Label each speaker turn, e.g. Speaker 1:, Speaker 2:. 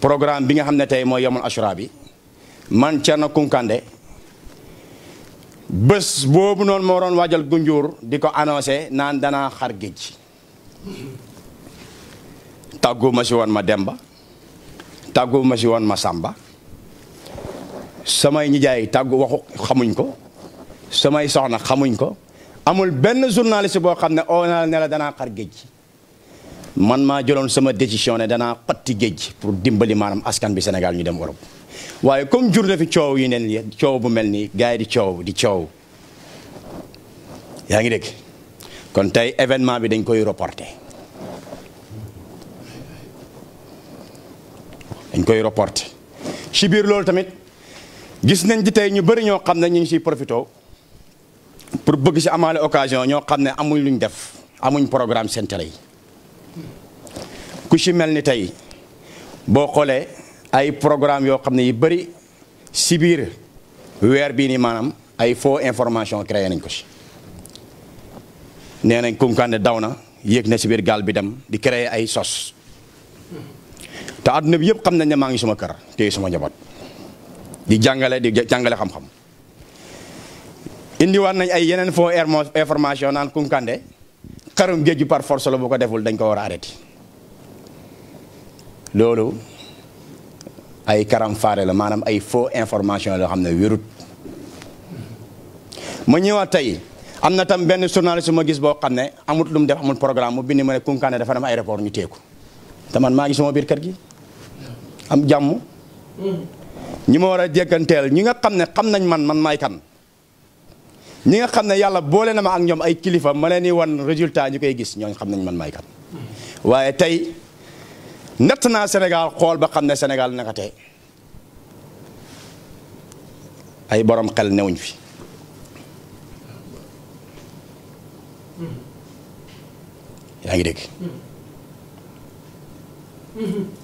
Speaker 1: programme bi nga xam ne tey mooy yomul ashura bi man Thierno Kounkandé bés boobu noonu moo doon waajal gunjur di ko annoncé naan danaa xar géej tàggu si woon ma Demba tàggu si woon ma Samba samay nijaay tàggu waxu xamuñ ko samay soxna xamuñ ko amul benn journaliste boo xam ne oo na ne danaa xar géej man maa joloon sama décision ne dana xotti géej pour dimbali maanaam askan bi Sénégal ñu dem Europe waaye comme jur na fi coow yi neen yi coow bu mel nii gars yi di coow di coow yaa ngi dégg kon tey événement bi dañ koy reporté dañ koy reporté ci biir loolu tamit gis nañ ci tey ñu bëri ñoo xam ne ñu ngi ciy profité pour bëgg si amaale occasion ñoo xam ne amuñ luñ def amuñ programme seen télé ku ci mel ni tey boo xoolee ay programme yoo xam ne yi bari si biir weer bii ni maanaam ay faux information créé nañ ko ci nee nañ Kounkandé daw na yéeg na si biir gaal bi dem di créé ay sos te àdduna bi yëpp xam nañ ne maa ngi suma kër téye suma njaboot di jàngale di jàngale xam-xam indiwaat nañ ay yeneen faux information naan Kounkandé xarum géej gi par force la bu ko deful dañ ko war a arrêté loolu ay karam faare la maanaam ay faux information la xam ne wérut ma ñëwaat tey am na tam benn journaliste ma gis boo xam ne amut lu mu def amul programme mu bind ma ne Kounkané dafa dem aéroport ñu teeku te man maa ngi sama biir kër gi am jàmm mm. ñi ma war a jékkanteel ñi nga xam ne xam nañ man man maay kan ñi nga xam ne yàlla boole na ma ak ñoom ay kilifa ma leen ni wan résultat ñu koy gis ñooñ xam nañ man may kan waaye tey natt naa Sénégal xool ba xam ne Sénégal naka ay borom xel newuñ fi hmm. yaa ngi dégg. Hmm. Hmm.